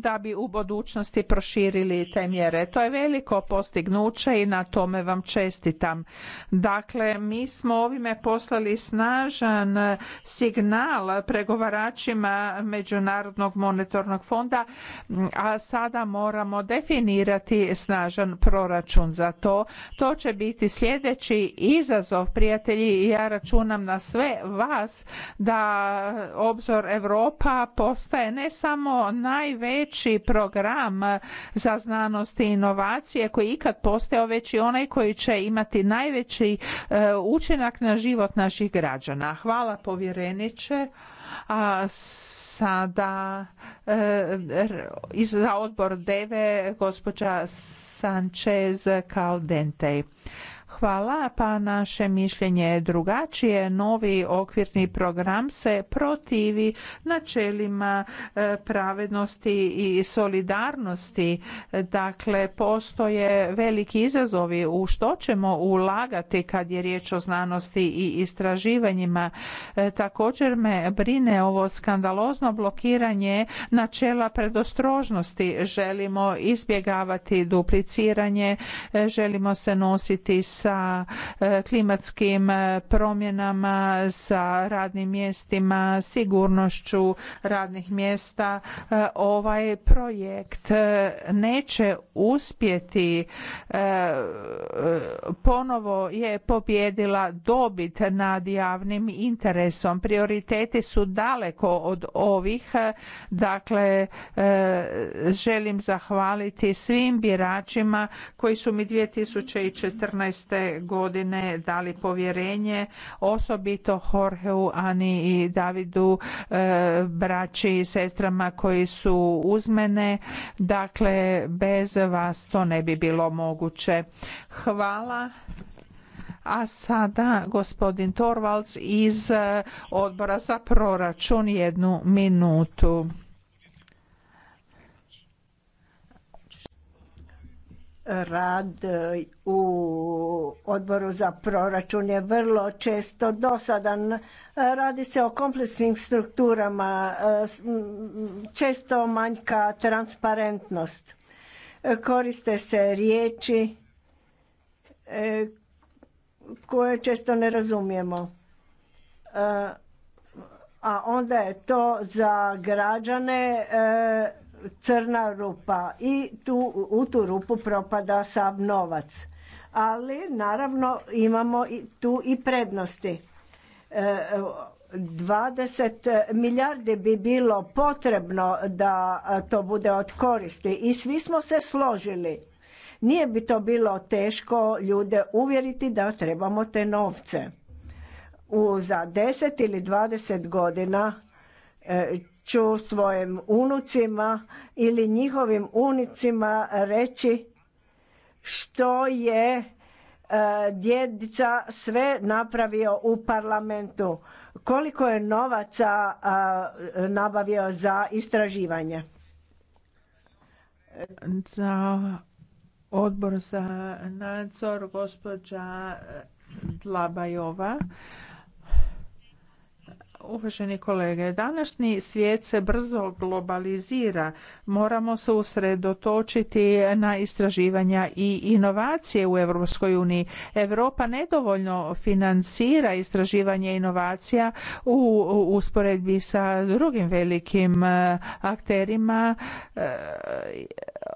da bi u budućnosti proširili te mjere. To je veliko postignuće i na tome vam čestitam. Dakle, mi smo ovime poslali snažan signal pregovaračima Međunarodnog monetarnog fonda, a sada moramo definirati snažan proračun za to. To će biti sljedeći izazov, prijatelji, i ja računam na sve vas da obzor Europa postaje ne samo najveći najveći program za znanost i inovacije koji ikad postao već i onaj koji će imati najveći e, učinak na život naših građana. Hvala povjereniče. A sada e, za odbor DEVE gospođa Sanchez Caldente. Hvala, pa naše mišljenje je drugačije. Novi okvirni program se protivi načelima e, pravednosti i solidarnosti. Dakle, postoje veliki izazovi u što ćemo ulagati kad je riječ o znanosti i istraživanjima. E, također me brine ovo skandalozno blokiranje načela predostrožnosti. Želimo izbjegavati dupliciranje, e, želimo se nositi s sa e, klimatskim e, promjenama, sa radnim mjestima, sigurnošću radnih mjesta. E, ovaj projekt neće uspjeti ponovo je pobijedila dobit nad javnim interesom. Prioriteti su daleko od ovih. Dakle, želim zahvaliti svim biračima koji su mi 2014 godine dali povjerenje osobito Jorgeu, Ani i Davidu e, braći i sestrama koji su uz Dakle, bez vas to ne bi bilo moguće. Hvala. A sada gospodin Torvalds iz e, odbora za proračun jednu minutu. rad e, u odboru za proračun je vrlo često dosadan. Radi se o kompleksnim strukturama, e, često manjka transparentnost. E, koriste se riječi koje često ne razumijemo. A onda je to za građane crna rupa i tu, u tu rupu propada sav novac. Ali naravno imamo tu i prednosti. 20 e, milijardi bi bilo potrebno da to bude od koristi i svi smo se složili. Nije bi to bilo teško ljude uvjeriti da trebamo te novce. U, za 10 ili 20 godina e, ću svojim unucima ili njihovim unicima reći što je e, djedica sve napravio u parlamentu, koliko je novaca nabavio za istraživanje. Za odbor za nadzor gospođa Dlabajova. Uvaženi kolege, današnji svijet se brzo globalizira. Moramo se usredotočiti na istraživanja i inovacije u Europskoj uniji. Europa nedovoljno financira istraživanje inovacija u usporedbi sa drugim velikim eh, akterima eh,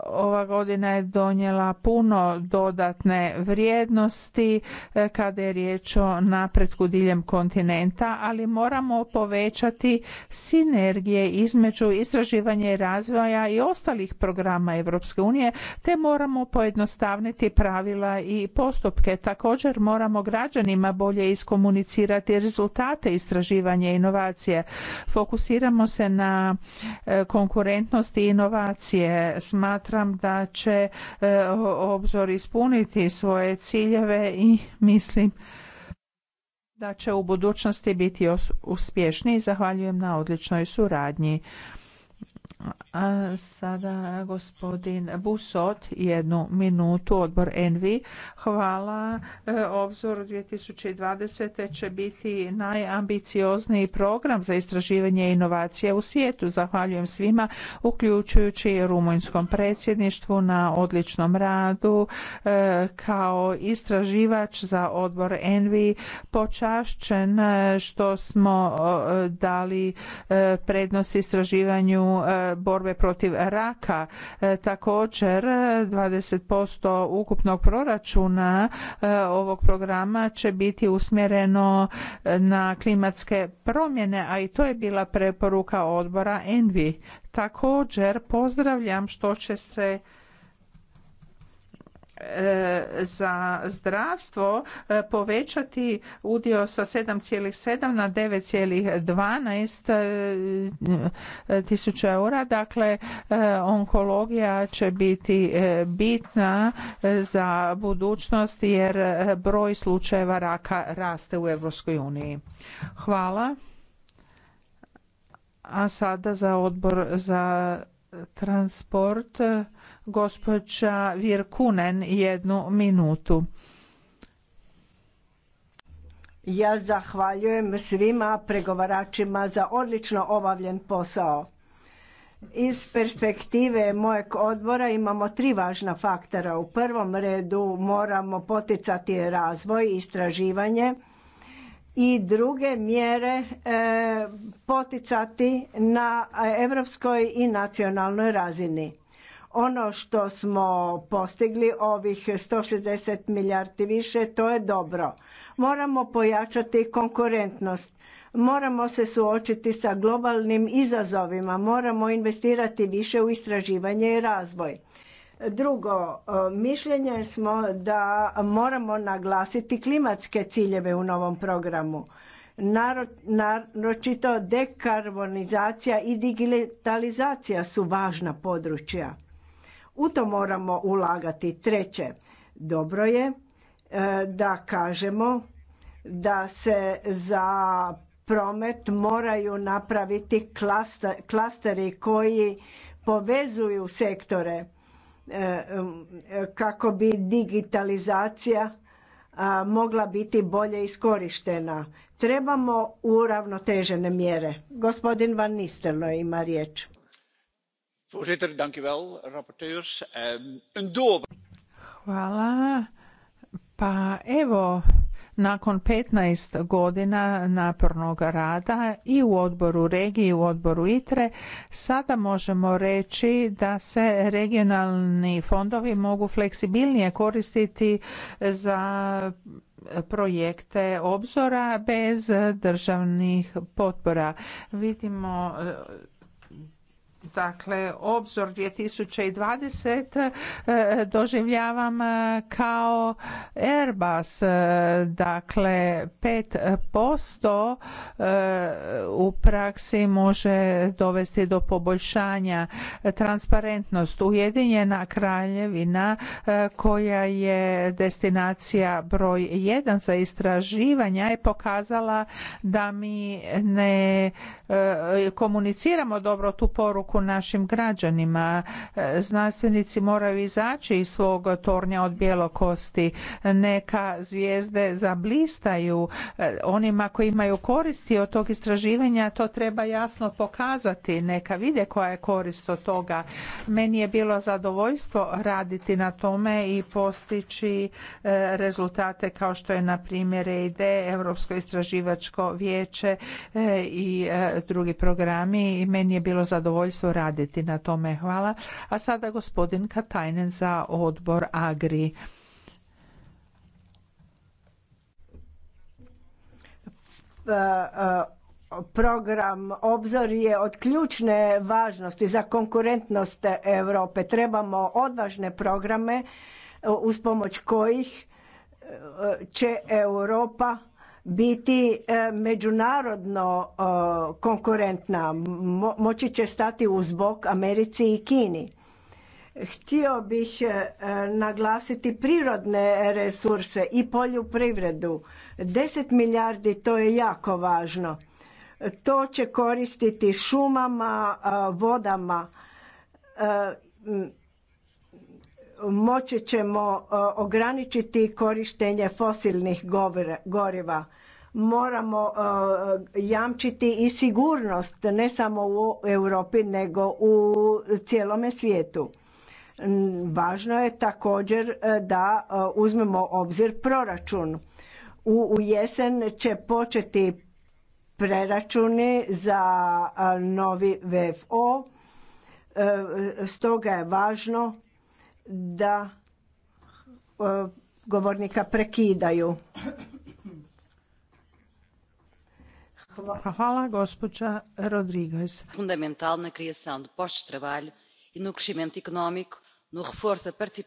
ova godina je donijela puno dodatne vrijednosti e, kada je riječ o napretku diljem kontinenta, ali moramo povećati sinergije između istraživanja i razvoja i ostalih programa Europske unije, te moramo pojednostavniti pravila i postupke. Također moramo građanima bolje iskomunicirati rezultate istraživanja i inovacije. Fokusiramo se na e, konkurentnost i inovacije. Smatramo smatram da će e, obzor ispuniti svoje ciljeve i mislim da će u budućnosti biti uspješniji. Zahvaljujem na odličnoj suradnji. A sada gospodin Busot, jednu minutu, odbor Envi. Hvala. E, obzor 2020. će biti najambiciozniji program za istraživanje inovacije u svijetu. Zahvaljujem svima, uključujući rumunjskom predsjedništvu na odličnom radu. E, kao istraživač za odbor Envi počašćen e, što smo dali prednost istraživanju E, borbe protiv raka. E, također 20% ukupnog proračuna e, ovog programa će biti usmjereno na klimatske promjene, a i to je bila preporuka odbora Envi. Također pozdravljam što će se za zdravstvo e, povećati udio sa 7,7 na 9,12 e, tisuća eura. Dakle, e, onkologija će biti bitna za budućnost jer broj slučajeva raka raste u Europskoj uniji. Hvala. A sada za odbor za transport Gospođa Virkunen jednu minutu. Ja zahvaljujem svima pregovaračima za odlično obavljen posao. Iz perspektive mojeg odbora imamo tri važna faktora. U prvom redu moramo poticati razvoj i istraživanje i druge mjere e, poticati na europskoj i nacionalnoj razini. Ono što smo postigli, ovih 160 milijardi više, to je dobro. Moramo pojačati konkurentnost. Moramo se suočiti sa globalnim izazovima. Moramo investirati više u istraživanje i razvoj. Drugo, e, mišljenje smo da moramo naglasiti klimatske ciljeve u novom programu. Naročito dekarbonizacija i digitalizacija su važna područja. U to moramo ulagati. Treće, dobro je e, da kažemo da se za promet moraju napraviti klasteri koji povezuju sektore e, kako bi digitalizacija e, mogla biti bolje iskorištena. Trebamo uravnotežene mjere. Gospodin Van Nistelno ima riječ. Voorzitter, ehm, Hvala. Pa evo, nakon 15 godina napornog rada i u odboru regije i u odboru ITRE sada možemo reći da se regionalni fondovi mogu fleksibilnije koristiti za projekte obzora bez državnih potpora. Vidimo Dakle, obzor 2020 e, doživljavam e, kao Airbus. E, dakle, 5% u praksi može dovesti do poboljšanja. Transparentnost Ujedinjena kraljevina koja je destinacija broj 1 za istraživanja je pokazala da mi ne komuniciramo dobro tu poruku poruku našim građanima. E, znanstvenici moraju izaći iz svog tornja od bjelokosti. Neka zvijezde zablistaju. E, onima koji imaju koristi od tog istraživanja to treba jasno pokazati. Neka vide koja je korist od toga. Meni je bilo zadovoljstvo raditi na tome i postići e, rezultate kao što je na primjer ide Europsko istraživačko vijeće i drugi programi i meni je bilo zadovoljstvo raditi na tome. Hvala. A sada gospodin Katajnen za odbor Agri. E, e, program Obzor je od ključne važnosti za konkurentnost Europe. Trebamo odvažne programe e, uz pomoć kojih će Europa biti e, međunarodno e, konkurentna, moći će stati uz bok Americi i Kini. Htio bih e, naglasiti prirodne resurse i poljoprivredu. 10 milijardi, to je jako važno. To će koristiti šumama, vodama moći ćemo e, ograničiti korištenje fosilnih goriva. Moramo e, jamčiti i sigurnost ne samo u Europi nego u cijelome svijetu. Važno je također e, da uzmemo obzir proračun. U jesen će početi preračuni za novi VFO. Stoga je važno da e, govornika prekidaju. Hvala, gospođa Rodriguez. Fundamental na criação de postos de trabalho no no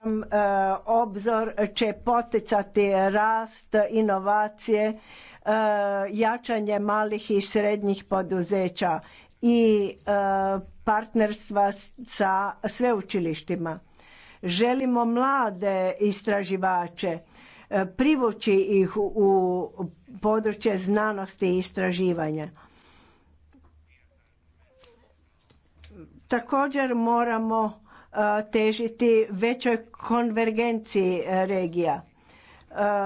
e, Obzor će poticati rast, inovacije, e, jačanje malih i srednjih poduzeća i partnerstva sa sveučilištima Želimo mlade istraživače e, privući ih u područje znanosti i istraživanja. Također moramo e, težiti većoj konvergenciji e, regija.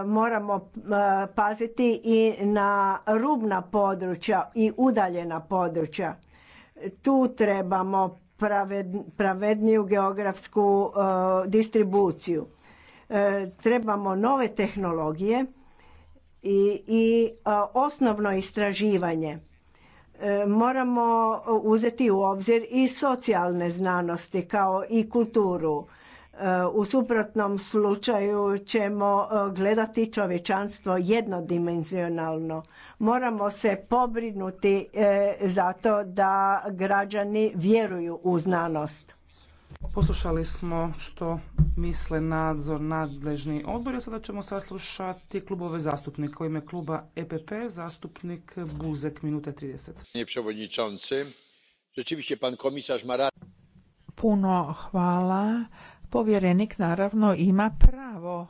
Moramo paziti i na rubna područja i udaljena područja. Tu trebamo pravedniju geografsku e, distribuciju. E, trebamo nove tehnologije i, e, osnovno istraživanje. Moramo uzeti u obzir i socijalne znanosti kao i kulturu u suprotnom slučaju ćemo e, gledati čovječanstvo jednodimenzionalno. Moramo se pobrinuti e, zato da građani vjeruju u znanost. Poslušali smo što misle nadzor nadležni odbor, sada ćemo saslušati klubove zastupnika. U ime kluba EPP zastupnik Buzek, minuta 30. Puno hvala povjerenik naravno ima pravo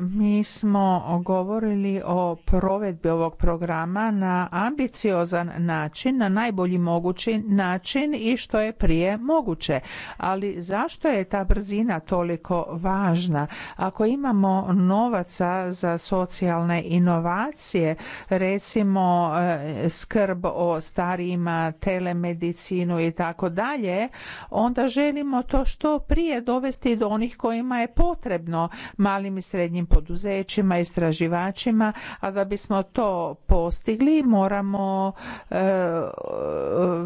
mi smo govorili o provedbi ovog programa na ambiciozan način, na najbolji mogući način i što je prije moguće. Ali zašto je ta brzina toliko važna? Ako imamo novaca za socijalne inovacije, recimo e, skrb o starijima, telemedicinu i tako dalje, onda želimo to što prije dovesti do onih kojima je potrebno malim i srednjim poduzećima, istraživačima, a da bismo to postigli moramo e,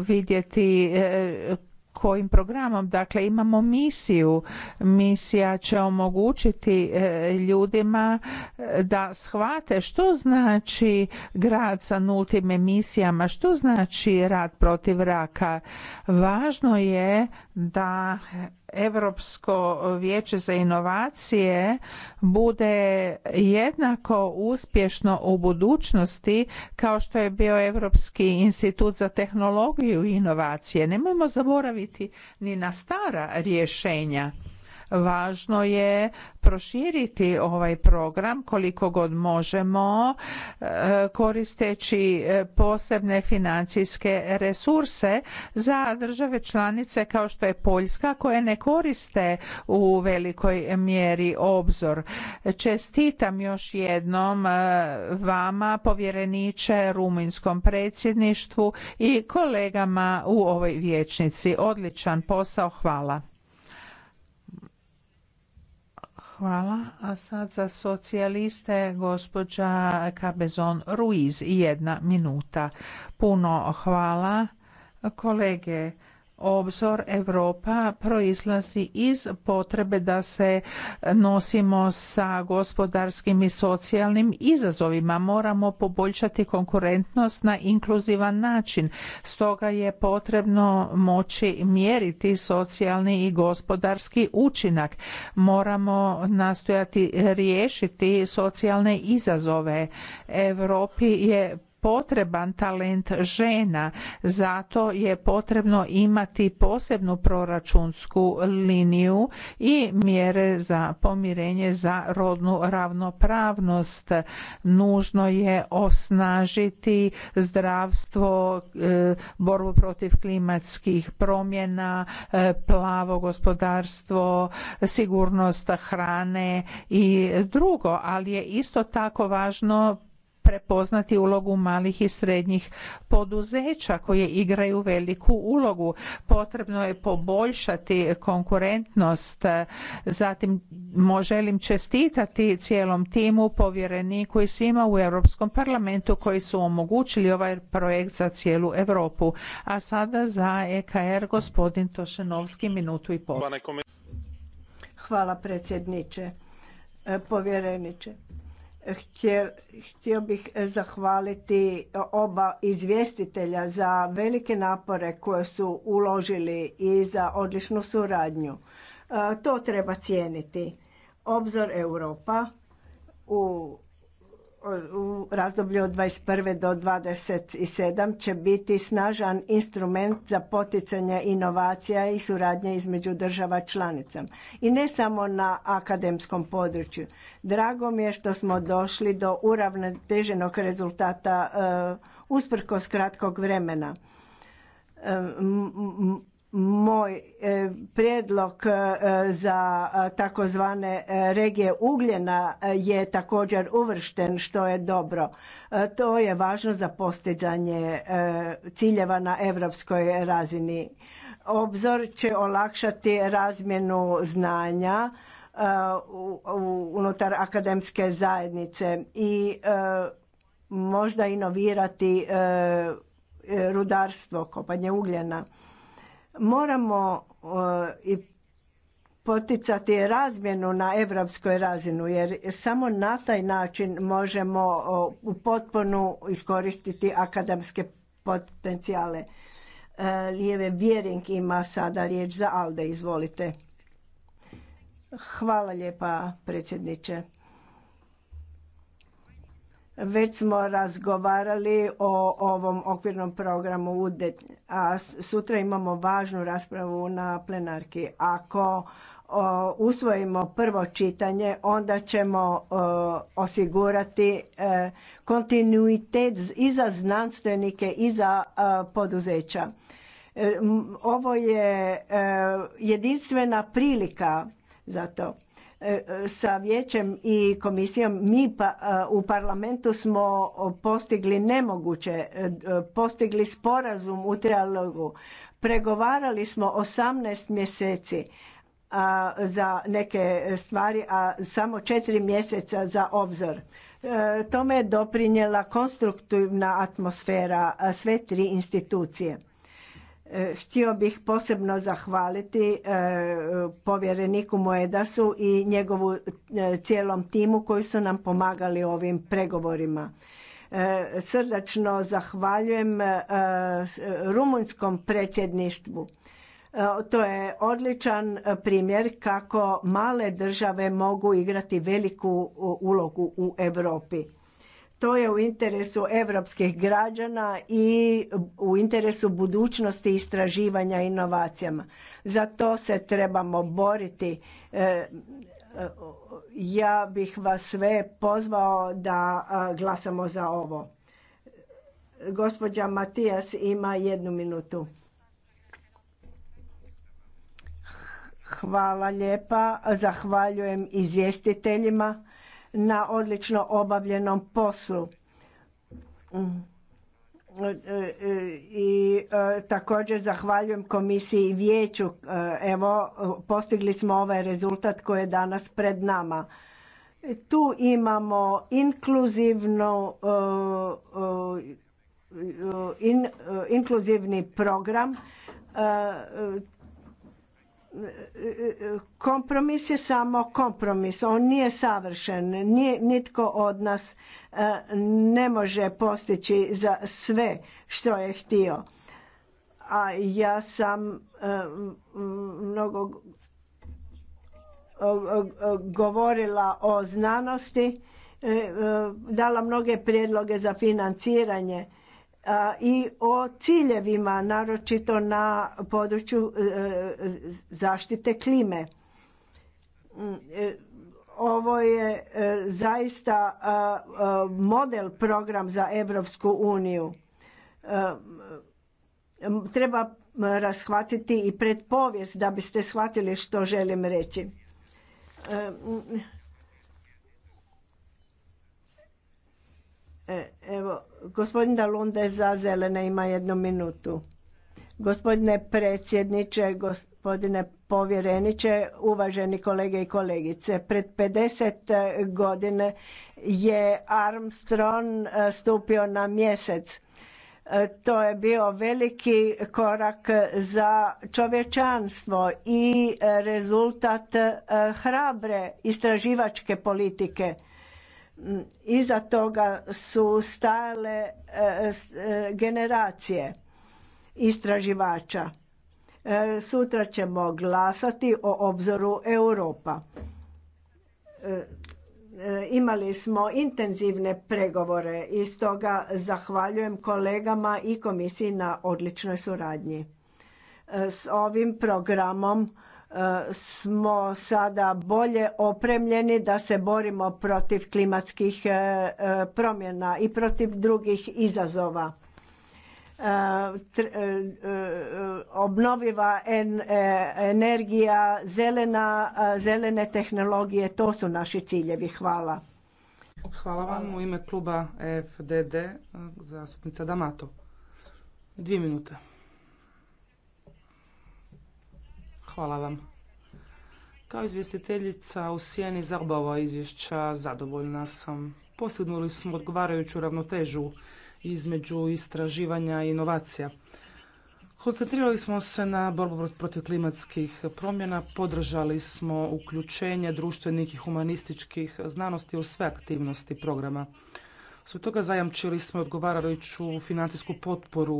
vidjeti e, kojim programom. Dakle, imamo misiju. Misija će omogućiti e, ljudima da shvate što znači grad sa nultim emisijama, što znači rad protiv raka. Važno je da Europsko vijeće za inovacije bude jednako uspješno u budućnosti kao što je bio Europski institut za tehnologiju i inovacije. Nemojmo zaboraviti ni na stara rješenja Važno je proširiti ovaj program koliko god možemo e, koristeći e, posebne financijske resurse za države članice kao što je Poljska koje ne koriste u velikoj mjeri obzor. Čestitam još jednom e, vama povjereniče rumunjskom predsjedništvu i kolegama u ovoj vijećnici. Odličan posao, hvala. Hvala. A sad za socijaliste gospođa Cabezon Ruiz. Jedna minuta. Puno hvala kolege obzor Europa proizlazi iz potrebe da se nosimo sa gospodarskim i socijalnim izazovima. Moramo poboljšati konkurentnost na inkluzivan način. Stoga je potrebno moći mjeriti socijalni i gospodarski učinak. Moramo nastojati riješiti socijalne izazove. Europi je potreban talent žena zato je potrebno imati posebnu proračunsku liniju i mjere za pomirenje za rodnu ravnopravnost nužno je osnažiti zdravstvo e, borbu protiv klimatskih promjena e, plavo gospodarstvo sigurnost hrane i drugo ali je isto tako važno prepoznati ulogu malih i srednjih poduzeća koje igraju veliku ulogu. Potrebno je poboljšati konkurentnost. Zatim želim čestitati cijelom timu, povjereniku i svima u Europskom parlamentu koji su omogućili ovaj projekt za cijelu Europu. A sada za EKR gospodin Tošenovski minutu i pol. Hvala predsjedniče, e, povjereniče. Htio, bih e, zahvaliti e, oba izvjestitelja za velike napore koje su uložili i za odličnu suradnju. E, to treba cijeniti. Obzor Europa u u razdoblju od 21. do 27. će biti snažan instrument za poticanje inovacija i suradnje između država članica. I ne samo na akademskom području. Drago mi je što smo došli do uravnoteženog rezultata e, usprkos kratkog vremena e, moj e, prijedlog e, za e, takozvane regije ugljena je također uvršten što je dobro. To je važno za postizanje ciljeva na europskoj razini. Obzor će olakšati razmjenu znanja unutar akademske zajednice i možda inovirati rudarstvo, kopanje ugljena Moramo e, i poticati razmjenu na europskoj razinu jer samo na taj način možemo u potpunu iskoristiti akademske potencijale. E, lijeve Vjerink ima sada riječ za Alde, izvolite. Hvala lijepa predsjedniče. Već smo razgovarali o ovom okvirnom programu, a sutra imamo važnu raspravu na plenarki. Ako usvojimo prvo čitanje, onda ćemo osigurati e, kontinuitet i za znanstvenike i za e, poduzeća. E, ovo je jedinstvena prilika za to. E, e, sa vijećem i komisijom mi pa, e, u parlamentu smo postigli nemoguće, postigli sporazum u trialogu. Pregovarali smo 18 mjeseci za neke stvari, a samo 4 mjeseca za obzor. tome je doprinjela konstruktivna atmosfera sve tri institucije. E, htio bih posebno zahvaliti e, povjereniku Moedasu i njegovu e, cijelom timu koji su nam pomagali u ovim pregovorima. Srdačno zahvaljujem rumunjskom predsjedništvu. To je odličan primjer kako male države mogu igrati veliku ulogu u Europi. To je u interesu europskih građana i u interesu budućnosti istraživanja inovacijama. Za to se trebamo boriti. E, e, ja bih vas sve pozvao da glasamo za ovo. Gospođa Matijas ima jednu minutu. Hvala lijepa. Zahvaljujem izvjestiteljima na odlično obavljenom poslu mm. e, e, i e, također zahvaljujem komisiji i vijeću. Evo, postigli smo ovaj rezultat koji je danas pred nama. Tu imamo inkluzivnu inkluzivni program kompromis je samo kompromis. On nije savršen. Nije, nitko od nas e, ne može postići za sve što je htio. A ja sam e, mnogo govorila o znanosti, e, dala mnoge prijedloge za financiranje i o ciljevima, naročito na području e, zaštite klime. Mm, e, ovo je e, zaista model program za Europsku uniju. Treba rashvatiti i predpovijest da biste shvatili što želim reći E, evo, gospodin Dalunde za zelene ima jednu minutu. Gospodine predsjedniče, gospodine povjereniče, uvaženi kolege i kolegice. Pred 50 e, godine je Armstrong e, stupio na mjesec. To je bio veliki korak za čovječanstvo i rezultat hrabre istraživačke politike Iza toga su stajale e, e, generacije istraživača. E, sutra ćemo glasati o obzoru Europa. Imali smo intenzivne pregovore i stoga zahvaljujem kolegama i komisiji na odličnoj suradnji. S ovim programom smo sada bolje opremljeni da se borimo protiv klimatskih e, e, promjena i protiv drugih izazova. E, Obnoviva energija, zelene tehnologije, to su naši ciljevi. Hvala. Hvala vam. U ime kluba FDD, zastupnica Damato. Dvije minute. Hvala vam. Kao izvjestiteljica u sjeni za oba izvješća zadovoljna sam. Postignuli smo odgovarajuću ravnotežu između istraživanja i inovacija. Koncentrirali smo se na borbu protiv klimatskih promjena, podržali smo uključenje društvenih i humanističkih znanosti u sve aktivnosti programa. Sve toga zajamčili smo odgovarajuću financijsku potporu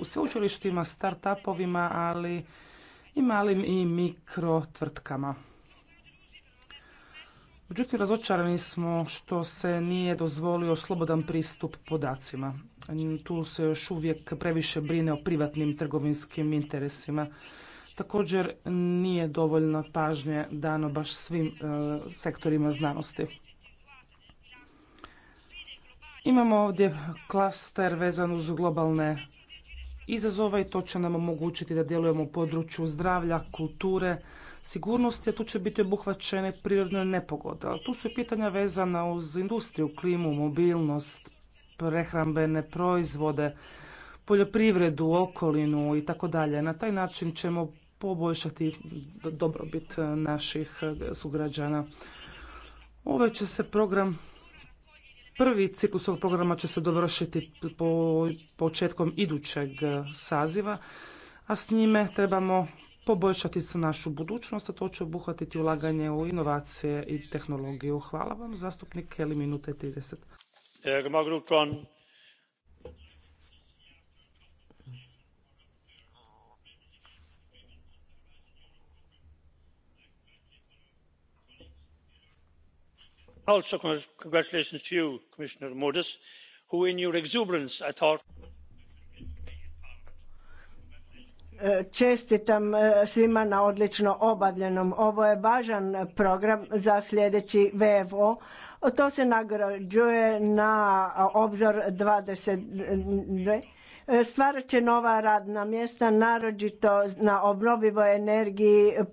u sveučilištima, start-upovima, ali i malim i mikro tvrtkama. Međutim, razočarani smo što se nije dozvolio slobodan pristup podacima. Tu se još uvijek previše brine o privatnim trgovinskim interesima. Također nije dovoljno pažnje dano baš svim e, sektorima znanosti. Imamo ovdje klaster vezan uz globalne izazova i to će nam omogućiti da djelujemo u području zdravlja, kulture, sigurnosti, a tu će biti obuhvaćene prirodne nepogode. tu su pitanja vezana uz industriju, klimu, mobilnost, prehrambene proizvode, poljoprivredu, okolinu i tako dalje. Na taj način ćemo poboljšati dobrobit naših sugrađana. Ovaj će se program Prvi ciklus ovog programa će se dovršiti po, početkom idućeg saziva, a s njime trebamo poboljšati se našu budućnost, a to će obuhvatiti ulaganje u inovacije i tehnologiju. Hvala vam, zastupnik Kelly, minuta i 30. also congratulations to you commissioner moedas who in your exuberance i thought. E, čestitam e, svima na odlično obavljenom. Ovo je važan program za sljedeći VFO. To se nagrađuje na obzor 22 E, stvarat će nova radna mjesta, naročito na obnovivoj energiji, e,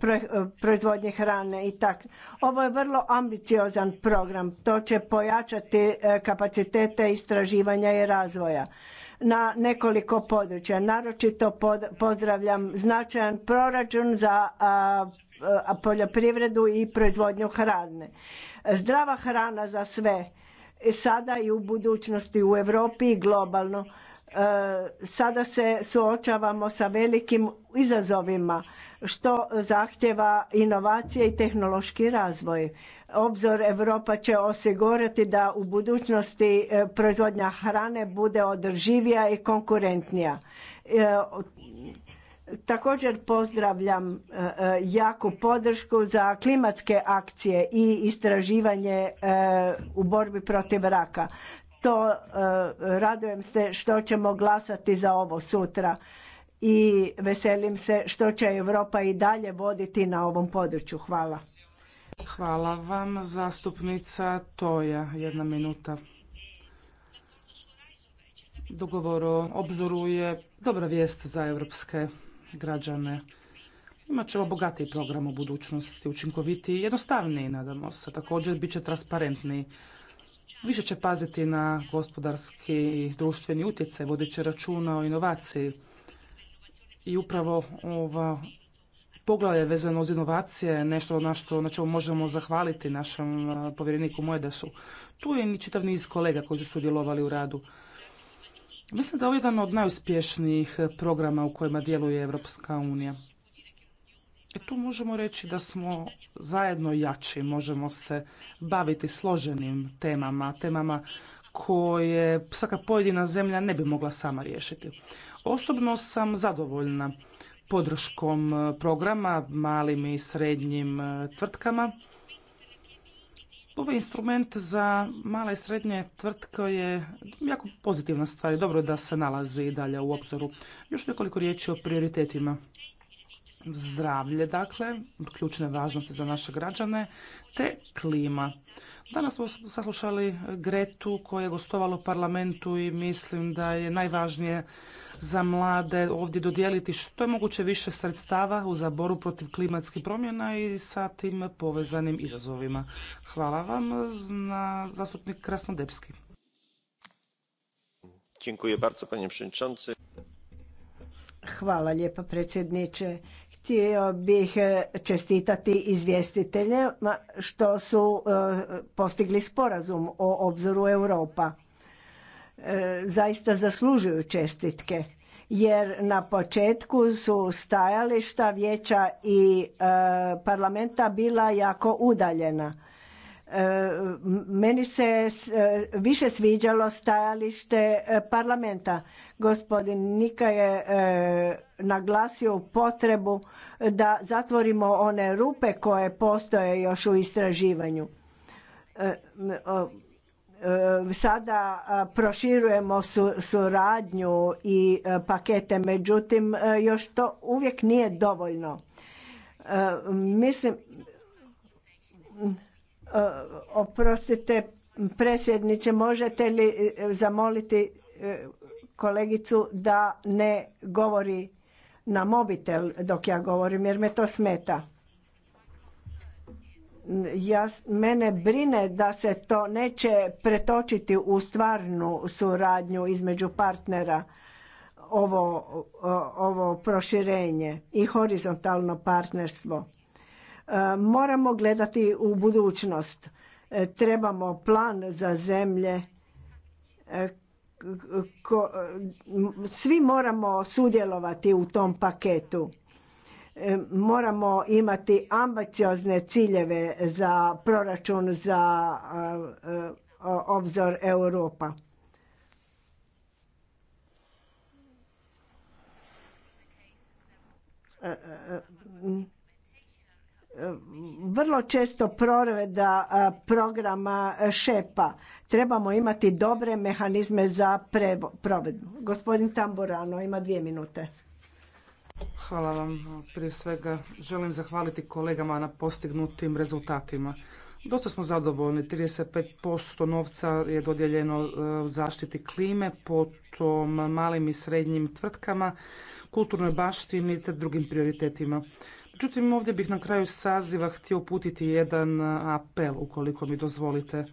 proizvodnje hrane i tako. Ovo je vrlo ambiciozan program. To će pojačati e, kapacitete istraživanja i razvoja na nekoliko područja. Naročito pozdravljam značajan proračun za poljoprivredu i proizvodnju hrane. Zdrava hrana za sve, sada i u budućnosti u Europi i globalno E, sada se suočavamo sa velikim izazovima što zahtjeva inovacije i tehnološki razvoj. Obzor Europa će osigurati da u budućnosti e, proizvodnja hrane bude održivija i konkurentnija. E, također pozdravljam jaku podršku za klimatske akcije i istraživanje u borbi protiv raka to e, radujem se što ćemo glasati za ovo sutra i veselim se što će Europa i dalje voditi na ovom području. Hvala. Hvala vam, zastupnica Toja. Jedna minuta. Dogovor o obzoru je dobra vijest za europske građane. Imat ćemo bogatiji program u budućnosti, učinkovitiji i jednostavniji, nadamo se. Također, bit će transparentniji više će paziti na gospodarski i društveni utjecaj, vodeći računa o inovaciji. I upravo ova poglavlje vezano uz inovacije nešto na, što, na čemu možemo zahvaliti našem uh, povjereniku Mojedasu. Tu je i čitav niz kolega koji su sudjelovali u radu. Mislim da je ovo jedan od najuspješnijih programa u kojima djeluje Europska unija. E tu možemo reći da smo zajedno jači, možemo se baviti složenim temama, temama koje svaka pojedina zemlja ne bi mogla sama riješiti. Osobno sam zadovoljna podrškom programa malim i srednjim e, tvrtkama. Ovaj instrument za male i srednje tvrtke je jako pozitivna stvar i dobro da se nalazi i dalje u obzoru. Još nekoliko riječi o prioritetima zdravlje, dakle, ključne važnosti za naše građane, te klima. Danas smo saslušali Gretu koja je gostovala u parlamentu i mislim da je najvažnije za mlade ovdje dodijeliti što je moguće više sredstava u zaboru protiv klimatskih promjena i sa tim povezanim izazovima. Hvala vam na zastupnik Krasnodepski. Dziękuję bardzo, Hvala lijepa predsjedniče. Htio bih e, čestitati izvjestiteljima što su e, postigli sporazum o obzoru Europa. E, zaista zaslužuju čestitke jer na početku su stajališta vijeća i parlamenta bila jako udaljena. Meni se više sviđalo stajalište parlamenta Gospodin Nika je e, naglasio potrebu da zatvorimo one rupe koje postoje još u istraživanju. E, e, sada proširujemo suradnju i pakete, međutim još to uvijek nije dovoljno. Mislim, oprostite predsjedniče, možete li zamoliti kolegicu da ne govori na mobitel dok ja govorim jer me to smeta. Ja, mene brine da se to neće pretočiti u stvarnu suradnju između partnera ovo, ovo proširenje i horizontalno partnerstvo. E, moramo gledati u budućnost. E, trebamo plan za zemlje e, svi moramo sudjelovati u tom paketu. E, moramo imati ambiciozne ciljeve za proračun za e, obzor Europa. E, vrlo često proreda programa šepa. Trebamo imati dobre mehanizme za provedbu. Gospodin Tamborano ima dvije minute. Hvala vam. Prije svega želim zahvaliti kolegama na postignutim rezultatima. Dosta smo zadovoljni. 35% novca je dodijeljeno e, zaštiti klime, potom malim i srednjim tvrtkama, kulturnoj baštini te drugim prioritetima. Međutim, ovdje bih na kraju saziva htio uputiti jedan apel, ukoliko mi dozvolite.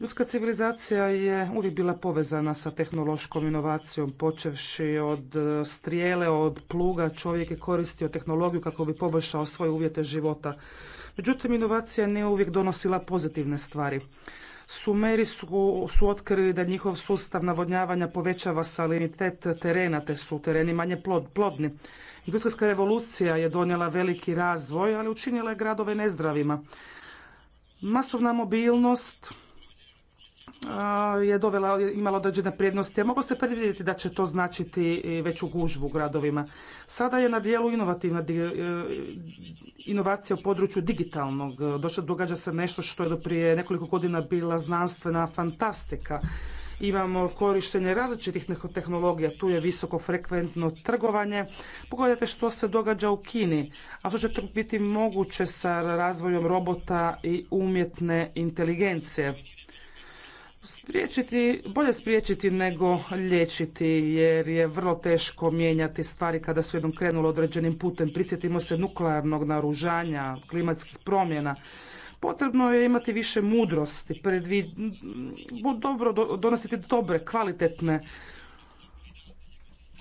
Ljudska civilizacija je uvijek bila povezana sa tehnološkom inovacijom, počevši od strijele, od pluga, čovjek je koristio tehnologiju kako bi poboljšao svoje uvjete života. Međutim, inovacija nije uvijek donosila pozitivne stvari. Sumeri su, su otkrili da njihov sustav navodnjavanja povećava salinitet terena, te su tereni manje plodni. Industrijska revolucija je donijela veliki razvoj, ali učinila je gradove nezdravima. Masovna mobilnost, je dovela, imala određene prednosti, a moglo se predvidjeti da će to značiti veću gužvu u gradovima. Sada je na dijelu inovativna e, inovacija u području digitalnog. Došlo, događa se nešto što je do prije nekoliko godina bila znanstvena fantastika. Imamo korištenje različitih tehnologija, tu je visoko frekventno trgovanje. Pogledajte što se događa u Kini, a što će biti moguće sa razvojem robota i umjetne inteligencije spriječiti, bolje spriječiti nego liječiti jer je vrlo teško mijenjati stvari kada su jednom krenule određenim putem. Prisjetimo se nuklearnog naružanja, klimatskih promjena. Potrebno je imati više mudrosti, predvid... dobro donositi dobre, kvalitetne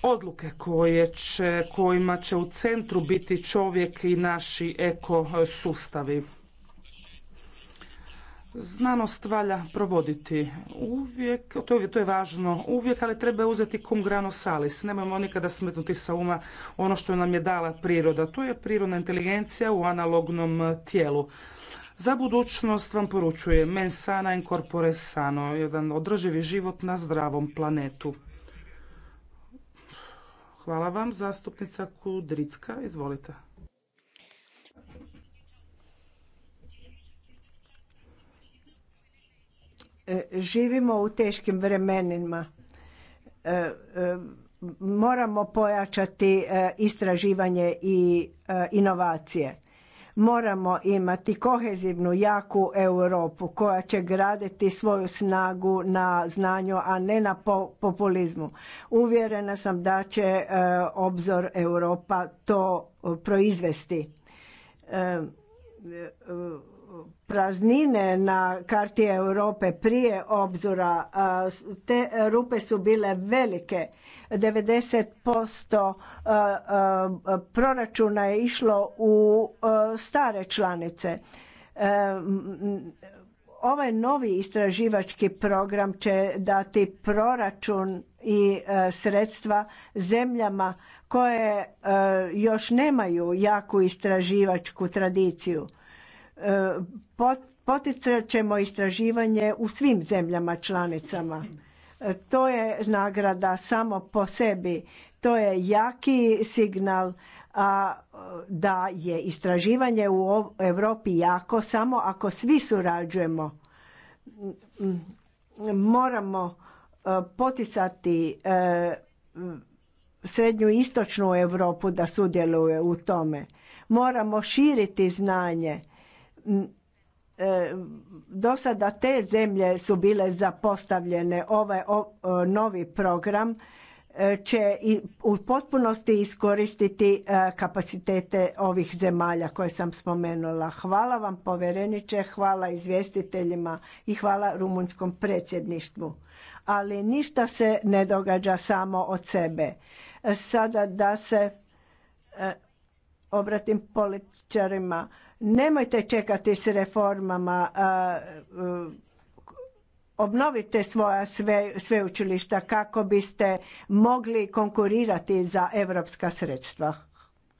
odluke koje će, kojima će u centru biti čovjek i naši ekosustavi. Znanost valja provoditi uvijek, to je, to je važno uvijek, ali treba uzeti cum grano salis. Nemojmo nikada smetnuti sa uma ono što nam je dala priroda. To je prirodna inteligencija u analognom eh, tijelu. Za budućnost vam poručuje Mensana sana in corpore sano, jedan održivi život na zdravom planetu. Hvala vam, zastupnica Kudricka, izvolite. E, živimo u teškim vremenima. E, e, moramo pojačati istraživanje i inovacije. Moramo imati kohezivnu, jaku Europu koja će graditi svoju snagu na znanju, a ne na populizmu. Uvjerena sam da će obzor Europa to proizvesti praznine na karti Europe prije obzora, te rupe su bile velike. 90% proračuna je išlo u stare članice. E, ovaj novi istraživački program će dati proračun i e, sredstva zemljama koje e, još nemaju jaku istraživačku tradiciju Poticat ćemo istraživanje u svim zemljama članicama. E, to je nagrada samo po sebi. To je jaki signal a, da je istraživanje u Europi jako samo ako svi surađujemo. Moramo e, poticati e, srednju istočnu Europu da sudjeluje u tome. Moramo širiti znanje E, do sada te zemlje su bile zapostavljene. Ovaj novi program e, će i u potpunosti iskoristiti e, kapacitete ovih zemalja koje sam spomenula. Hvala vam povereniče, hvala izvjestiteljima i hvala rumunskom predsjedništvu. Ali ništa se ne događa samo od sebe. Sada da se obratim političarima Nemojte čekati s reformama, obnovite svoja sve, sveučilišta kako biste mogli konkurirati za europska sredstva.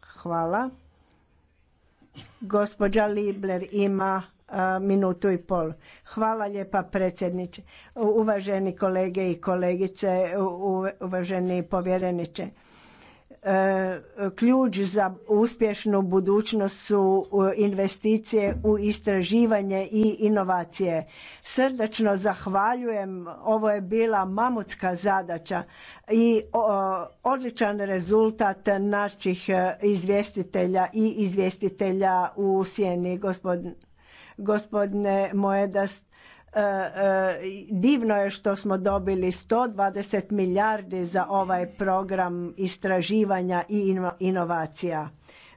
Hvala. Gospođa Libler ima minutu i pol. Hvala lijepa predsjedniče, uvaženi kolege i kolegice, uvaženi povjereniče. E, ključ za uspješnu budućnost su e, investicije u istraživanje i inovacije. Srdačno zahvaljujem, ovo je bila mamutska zadaća i odličan rezultat naših e, izvjestitelja i izvjestitelja u sjeni gospodine Moedas E, e, divno je što smo dobili 120 milijardi za ovaj program istraživanja i inovacija.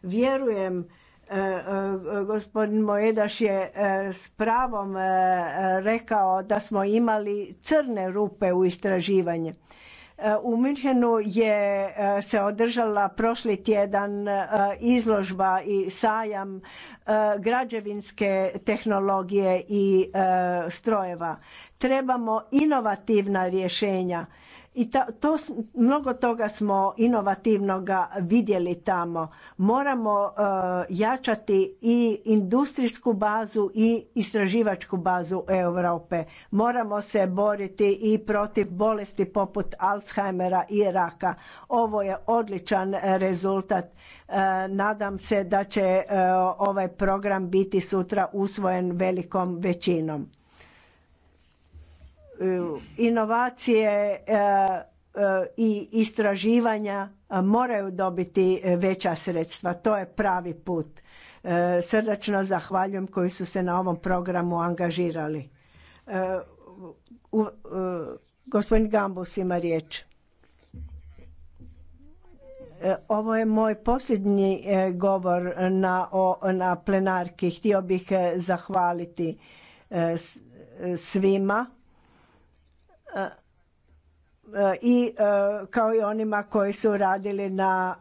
Vjerujem e, gospodin Moedaš je s pravom rekao da smo imali crne rupe u istraživanje U Münchenu je se održala prošli tjedan izložba i sajam Eh, građevinske tehnologije i eh, strojeva. Trebamo inovativna rješenja i to, to, mnogo toga smo inovativnoga vidjeli tamo. Moramo e, jačati i industrijsku bazu i istraživačku bazu Europe. Moramo se boriti i protiv bolesti poput Alzheimera i raka. Ovo je odličan rezultat. E, nadam se da će e, ovaj program biti sutra usvojen velikom većinom. E, inovacije e, e, i istraživanja moraju dobiti veća sredstva. To je pravi put. Srdačno zahvaljujem koji su se na ovom programu angažirali. Gospodin Gambus ima riječ. Ovo je moj posljednji govor na, na plenarki. Htio bih zahvaliti svima i e, kao i onima koji su radili na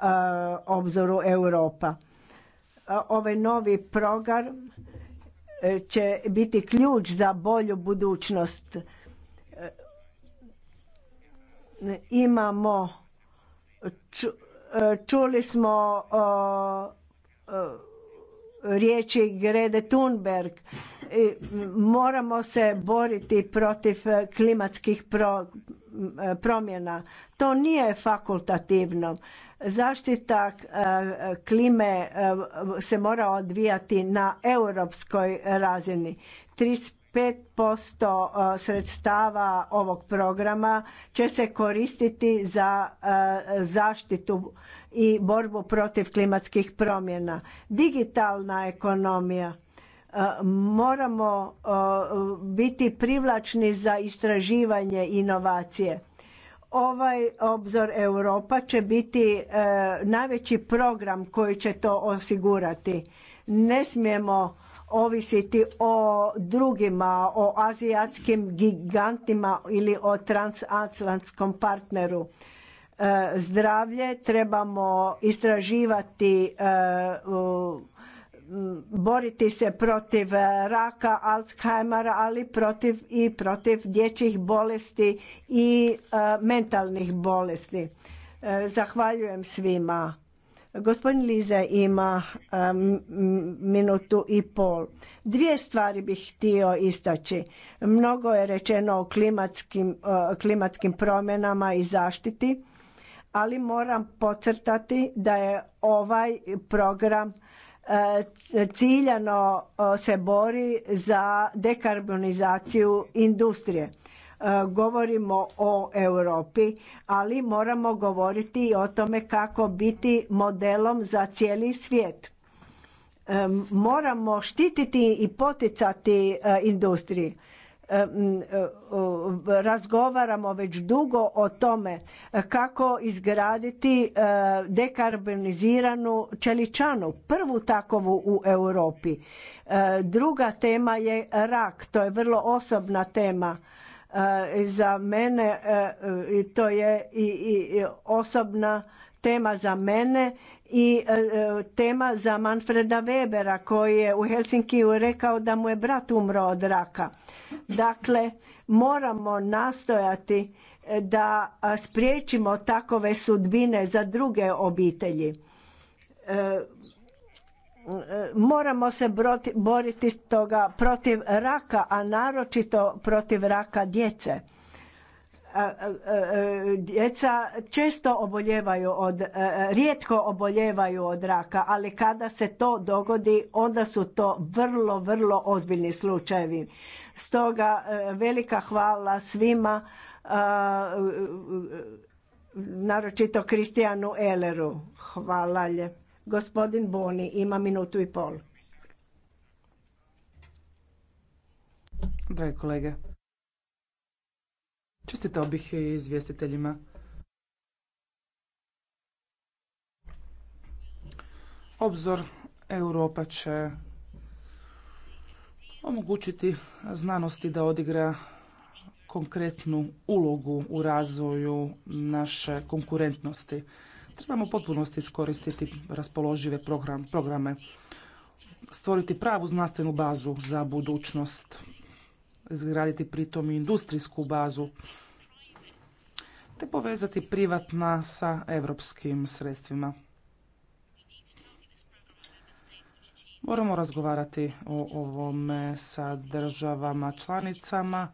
e, obzoru Europa. E, ovaj novi program će biti ključ za bolju budućnost. Imamo, čuli smo riječi Grede Thunberg moramo se boriti protiv e, klimatskih e, promjena. To nije fakultativno. Zaštita e, klime se mora odvijati na europskoj razini. 35% sredstava ovog programa će se koristiti za zaštitu i borbu protiv klimatskih promjena. Digitalna ekonomija E, moramo e, biti privlačni za istraživanje inovacije. Ovaj obzor Europa će biti e, najveći program koji će to osigurati. Ne smijemo ovisiti o drugima, o azijatskim gigantima ili o transatlantskom partneru. Zdravlje trebamo istraživati boriti se protiv eh, raka, Alzheimera, ali protiv i protiv dječjih bolesti i eh, mentalnih bolesti. Eh, zahvaljujem svima. Gospodin Lize ima minutu i pol. Dvije stvari bih htio istaći. Mnogo je rečeno o klimatskim, klimatskim promjenama i zaštiti, ali moram podcrtati da je ovaj program ciljano se bori za dekarbonizaciju industrije. E, govorimo o Europi, ali moramo govoriti i o tome kako biti modelom za cijeli svijet. E, moramo štititi i poticati e, industriju razgovaramo već dugo o tome kako izgraditi dekarboniziranu čeličanu, prvu takovu u Europi. Druga tema je rak, to je vrlo osobna tema. Za mene to je i osobna tema za mene i e, e, tema za Manfreda Webera koji je u Helsinkiju rekao da mu je brat umro od raka. Dakle, moramo nastojati e, da spriječimo takove sudbine za druge obitelji. Moramo se boriti stoga protiv raka, a naročito protiv raka djece djeca često oboljevaju od, rijetko oboljevaju od raka, ali kada se to dogodi onda su to vrlo, vrlo ozbiljni slučajevi. Stoga e, velika hvala svima, naročito Kristijanu Eleru. Hvala lje. Gospodin Boni ima minutu i pol. Dragi kolege, Čestitao bih izvjestiteljima. Obzor Europa će omogućiti znanosti da odigra konkretnu ulogu u razvoju naše konkurentnosti. Trebamo potpunosti iskoristiti raspoložive programe, stvoriti pravu znanstvenu bazu za budućnost izgraditi pritom i industrijsku bazu te povezati privatna sa europskim sredstvima. Moramo razgovarati o ovome sa državama članicama.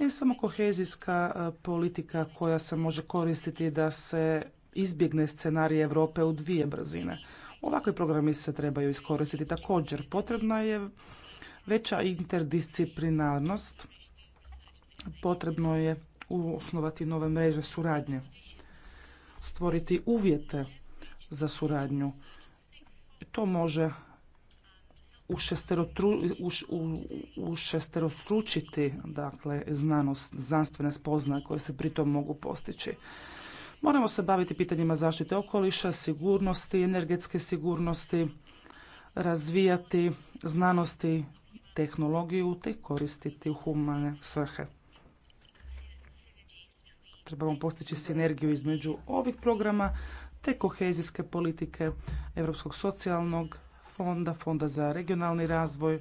Ne samo kohezijska e, politika koja se može koristiti da se izbjegne scenarij Europe u dvije brzine. Ovakvi programi se trebaju iskoristiti također. Potrebna je veća interdisciplinarnost. Potrebno je osnovati nove mreže suradnje, stvoriti uvjete za suradnju. To može ušesterostručiti dakle, znanost, znanstvene spoznaje koje se pritom mogu postići. Moramo se baviti pitanjima zaštite okoliša, sigurnosti, energetske sigurnosti, razvijati znanosti tehnologiju te koristiti u humane svrhe. Trebamo postići sinergiju između ovih programa te kohezijske politike Europskog socijalnog fonda, Fonda za regionalni razvoj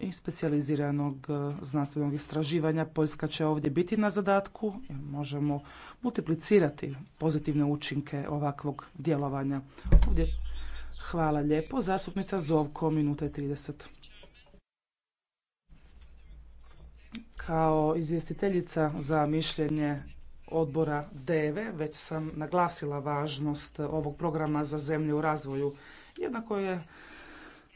i specijaliziranog e, znanstvenog istraživanja. Poljska će ovdje biti na zadatku i možemo multiplicirati pozitivne učinke ovakvog djelovanja. Ovdje hvala lijepo. Zastupnica Zovko, minuta je 30. Kao izvjestiteljica za mišljenje odbora DEVE već sam naglasila važnost ovog programa za zemlje u razvoju. Jednako je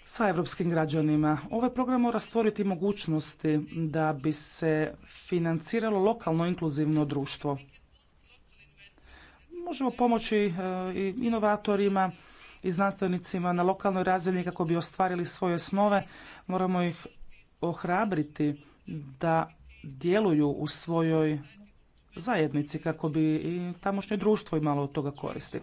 sa europskim građanima. Ovaj program mora stvoriti mogućnosti da bi se financiralo lokalno inkluzivno društvo. Možemo pomoći e, i inovatorima i znanstvenicima na lokalnoj razini kako bi ostvarili svoje snove. Moramo ih ohrabriti da djeluju u svojoj zajednici kako bi i tamošnje društvo imalo od toga koristi.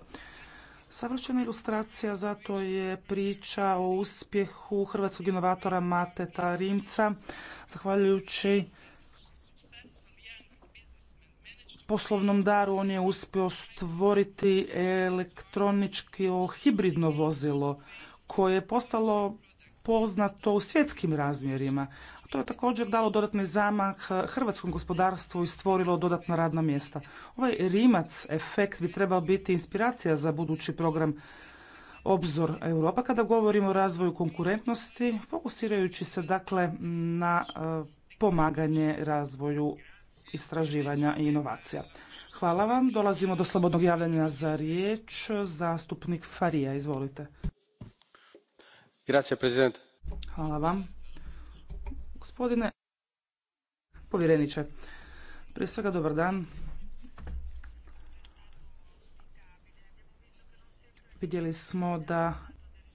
Savršena ilustracija zato je priča o uspjehu hrvatskog inovatora Mateta Rimca, zahvaljujući poslovnom daru on je uspio stvoriti elektroničko hibridno vozilo koje je postalo poznato u svjetskim razmjerima. To je također dalo dodatni zamah hrvatskom gospodarstvu i stvorilo dodatna radna mjesta. Ovaj Rimac efekt bi trebao biti inspiracija za budući program Obzor Europa kada govorimo o razvoju konkurentnosti, fokusirajući se dakle na e, pomaganje razvoju istraživanja i inovacija. Hvala vam. Dolazimo do slobodnog javljanja za riječ. Zastupnik Farija, izvolite. Grazie, vam. Gospodine povjereniče, prije svega dobar dan. Vidjeli smo da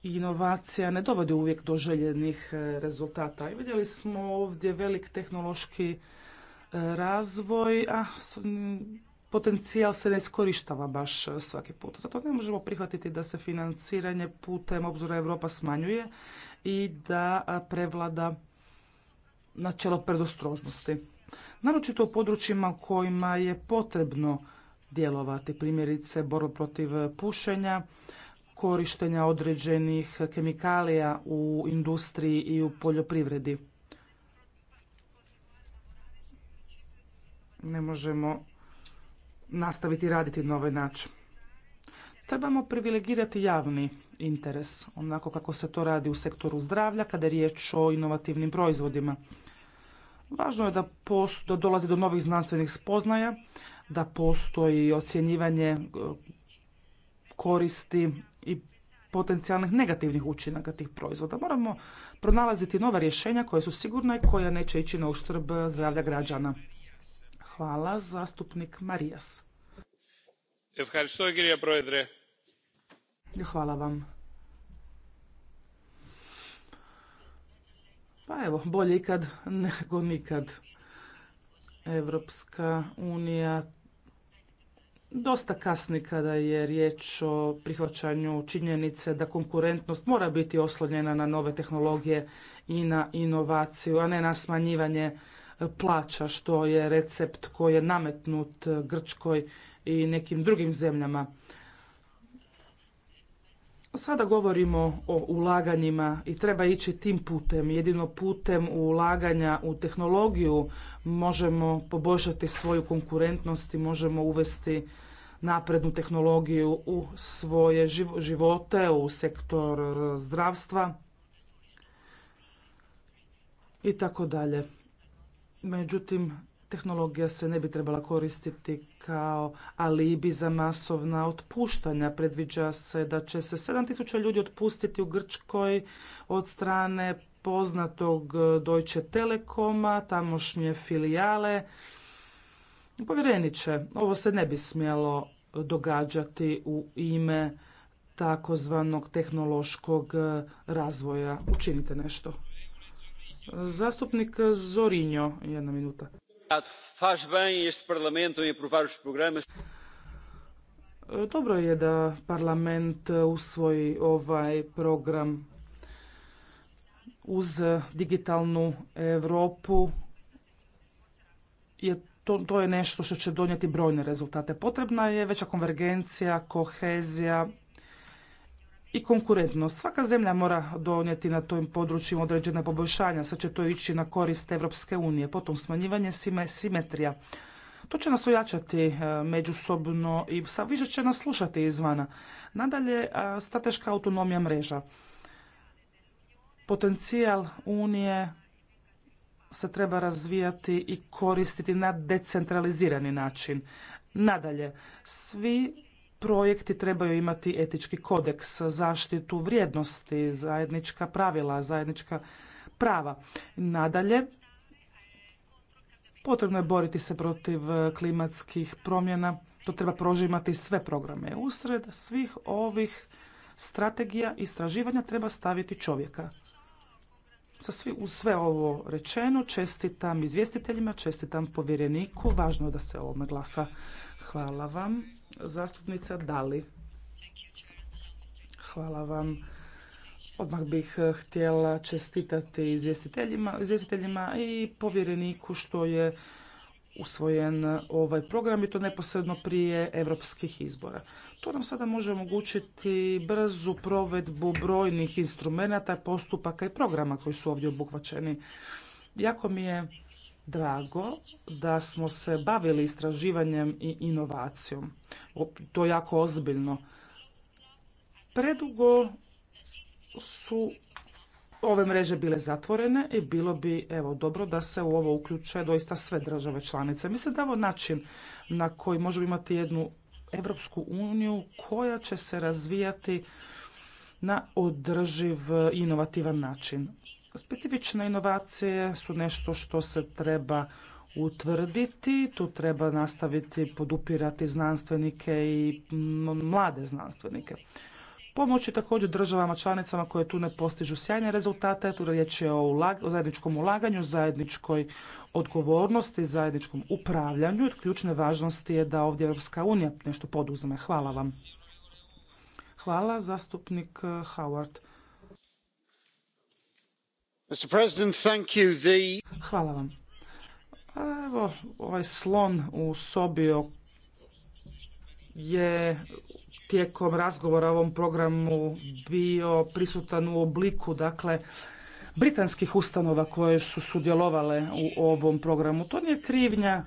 inovacija ne dovodi uvijek do željenih e, rezultata. I vidjeli smo ovdje velik tehnološki e, razvoj, a potencijal se ne iskorištava baš svaki put. Zato ne možemo prihvatiti da se financiranje putem obzora Europa smanjuje i da prevlada načelo predostrožnosti. Naročito u područjima kojima je potrebno djelovati, primjerice borba protiv pušenja, korištenja određenih kemikalija u industriji i u poljoprivredi. Ne možemo nastaviti raditi na ovaj način. Trebamo privilegirati javni interes, onako kako se to radi u sektoru zdravlja kada je riječ o inovativnim proizvodima. Važno je da, dolazi do novih znanstvenih spoznaja, da postoji ocjenjivanje e, koristi i potencijalnih negativnih učinaka tih proizvoda. Moramo pronalaziti nova rješenja koja su sigurna i koja neće ići na uštrb zdravlja građana. Hvala, zastupnik Marijas. Hvala vam. Pa evo, bolje ikad nego nikad. Evropska unija dosta kasni kada je riječ o prihvaćanju činjenice da konkurentnost mora biti oslonjena na nove tehnologije i na inovaciju, a ne na smanjivanje plaća, što je recept koji je nametnut Grčkoj i nekim drugim zemljama. Sada govorimo o ulaganjima i treba ići tim putem. Jedino putem ulaganja u tehnologiju možemo poboljšati svoju konkurentnost i možemo uvesti naprednu tehnologiju u svoje živote, u sektor zdravstva i tako dalje. Međutim, tehnologija se ne bi trebala koristiti kao alibi za masovna otpuštanja. Predviđa se da će se 7000 ljudi otpustiti u Grčkoj od strane poznatog Deutsche Telekoma, tamošnje filijale. Povjereniče, ovo se ne bi smjelo događati u ime takozvanog tehnološkog razvoja. Učinite nešto. Zastupnik Zorinjo, jedna minuta. E, dobro je da parlament usvoji ovaj program uz digitalnu Europu to, to je nešto što će donijeti brojne rezultate. Potrebna je veća konvergencija, kohezija, i konkurentnost. Svaka zemlja mora donijeti na tom području određena poboljšanja, sad će to ići na korist Evropske unije, potom smanjivanje simetrija. To će nas ojačati e, međusobno i više će nas slušati izvana. Nadalje, e, strateška autonomija mreža. Potencijal Unije se treba razvijati i koristiti na decentralizirani način. Nadalje, svi projekti trebaju imati etički kodeks, zaštitu vrijednosti, zajednička pravila, zajednička prava. Nadalje, potrebno je boriti se protiv e, klimatskih promjena. To treba prožimati sve programe. Usred svih ovih strategija istraživanja treba staviti čovjeka. Sa svi, uz sve ovo rečeno, čestitam izvjestiteljima, čestitam povjereniku. Važno je da se ovome glasa. Hvala vam. Zastupnica Dali. Hvala vam. Odmah bih eh, htjela čestitati izvjestiteljima, izvjestiteljima i povjereniku što je usvojen e, ovaj program i to neposredno prije europskih izbora. To nam sada može omogućiti brzu provedbu brojnih instrumenata, postupaka i programa koji su ovdje obuhvaćeni. Jako mi je drago da smo se bavili istraživanjem i inovacijom. To je jako ozbiljno. Predugo su ove mreže bile zatvorene i bilo bi evo dobro da se u ovo uključe doista sve države članice. Mislim da je ovo način na koji možemo imati jednu Europsku uniju koja će se razvijati na održiv inovativan način. Specifične inovacije su nešto što se treba utvrditi, tu treba nastaviti podupirati znanstvenike i mlade znanstvenike pomoći također državama članicama koje tu ne postižu sjajne rezultate. Tu riječ je o, ulag, o zajedničkom ulaganju, zajedničkoj odgovornosti, zajedničkom upravljanju. ključne važnosti je da ovdje Europska unija nešto poduzme. Hvala vam. Hvala, zastupnik eh, Howard. Hvala vam. Evo, ovaj slon u sobi je tijekom razgovora o ovom programu bio prisutan u obliku dakle britanskih ustanova koje su sudjelovale u ovom programu. To nije krivnja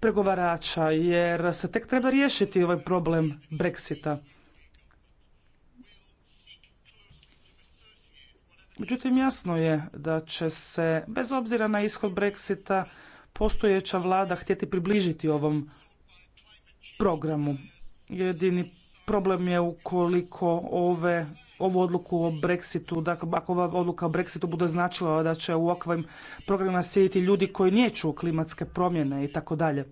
pregovarača jer se tek treba riješiti ovaj problem Brexita. Međutim, jasno je da će se, bez obzira na ishod Brexita, postojeća vlada htjeti približiti ovom programu. Jedini Problem je ukoliko ove ovu odluku o Brexitu, dakle ako ova odluka o Brexitu bude značila da će u ovakvim programima sjediti ljudi koji nijeću klimatske promjene i tako dalje.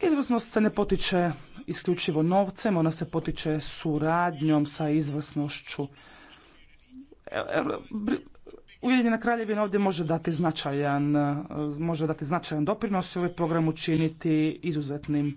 Izvrsnost se ne potiče isključivo novcem, ona se potiče suradnjom sa izvrsnošću. Ujedinjena kraljevina ovdje može dati značajan, može dati značajan doprinos i ovaj program učiniti izuzetnim.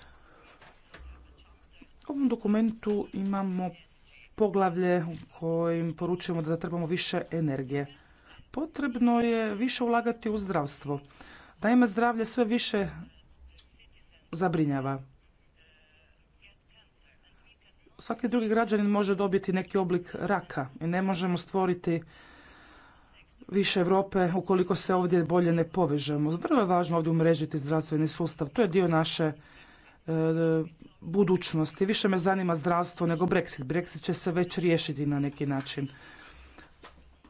ovom dokumentu imamo poglavlje u kojim poručujemo da trebamo više energije. Potrebno je više ulagati u zdravstvo. Naime, zdravlje sve više zabrinjava. Svaki drugi građanin može dobiti neki oblik raka i ne možemo stvoriti više Europe ukoliko se ovdje bolje ne povežemo. Vrlo je važno ovdje umrežiti zdravstveni sustav. To je dio naše E, budućnosti. Više me zanima zdravstvo nego Brexit. Brexit će se već riješiti na neki način.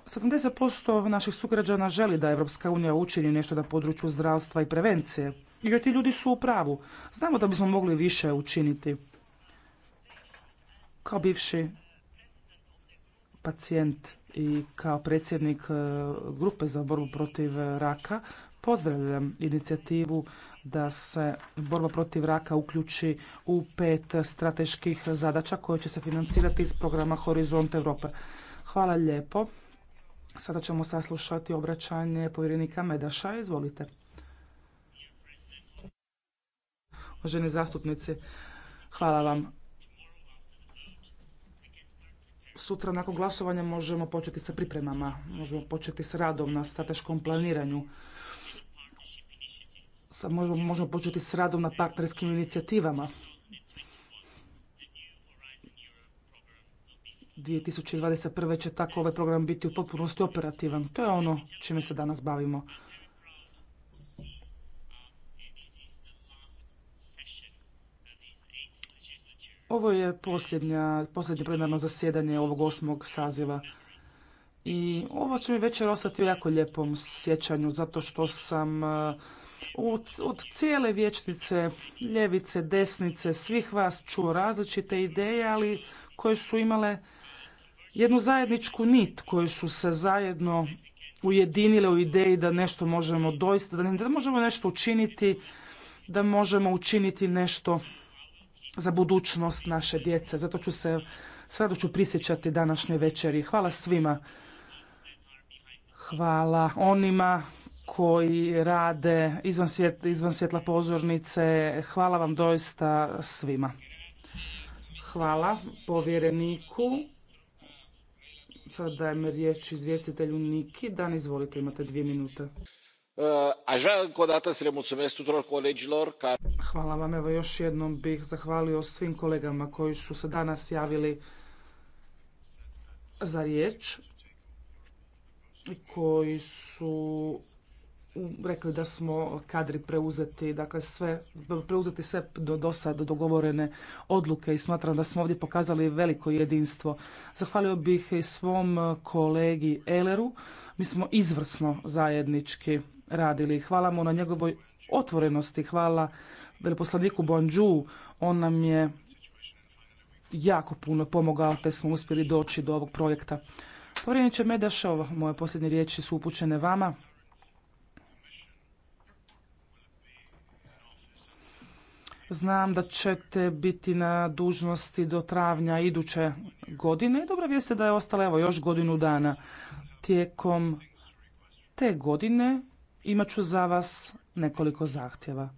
70% naših sugrađana želi da Evropska unija učini nešto na području zdravstva i prevencije. I ti ljudi su u pravu. Znamo da bismo mogli više učiniti. Kao bivši pacijent i kao predsjednik e, grupe za borbu protiv raka pozdravljam inicijativu da se borba protiv raka uključi u pet strateških zadaća koje će se financirati iz programa Horizont Europe. Hvala lijepo. Sada ćemo saslušati obraćanje povjerenika Medaša. Izvolite. Uvaženi zastupnici, hvala vam. Sutra nakon glasovanja možemo početi sa pripremama, možemo početi s radom na strateškom planiranju možemo, početi s radom na partnerskim inicijativama. 2021. će tako ovaj program biti u potpunosti operativan. To je ono čime se danas bavimo. Ovo je posljednje plenarno zasjedanje ovog osmog saziva. I ovo će mi večer ostati u jako lijepom sjećanju, zato što sam od cijele vječnice, ljevice, desnice, svih vas čuo različite ideje, ali koje su imale jednu zajedničku nit, koje su se zajedno ujedinile u ideji da nešto možemo doista, da možemo nešto učiniti, da možemo učiniti nešto za budućnost naše djece. Zato ću se, sada ću prisjećati današnje večeri. Hvala svima. Hvala onima koji rade izvan, svjet, izvan svjetla pozornice. Hvala vam doista svima. Hvala povjereniku. Sada dajem riječ izvjestitelju Niki. Dan, izvolite, imate dvije minute. Uh, Hvala vam, evo još jednom bih zahvalio svim kolegama koji su se danas javili za riječ koji su rekli da smo kadri preuzeti, dakle sve, preuzeti sve do, do sad dogovorene odluke i smatram da smo ovdje pokazali veliko jedinstvo. Zahvalio bih i svom kolegi Eleru. Mi smo izvrsno zajednički radili. Hvala mu na njegovoj otvorenosti. Hvala veleposlaniku Bonđu. On nam je jako puno pomogao te smo uspjeli doći do ovog projekta. Povjereniče Medašov, moje posljednje riječi su upućene vama. Znam da ćete biti na dužnosti do travnja iduće godine dobra vijest je da je ostala evo još godinu dana. Tijekom te godine imat ću za vas nekoliko zahtjeva.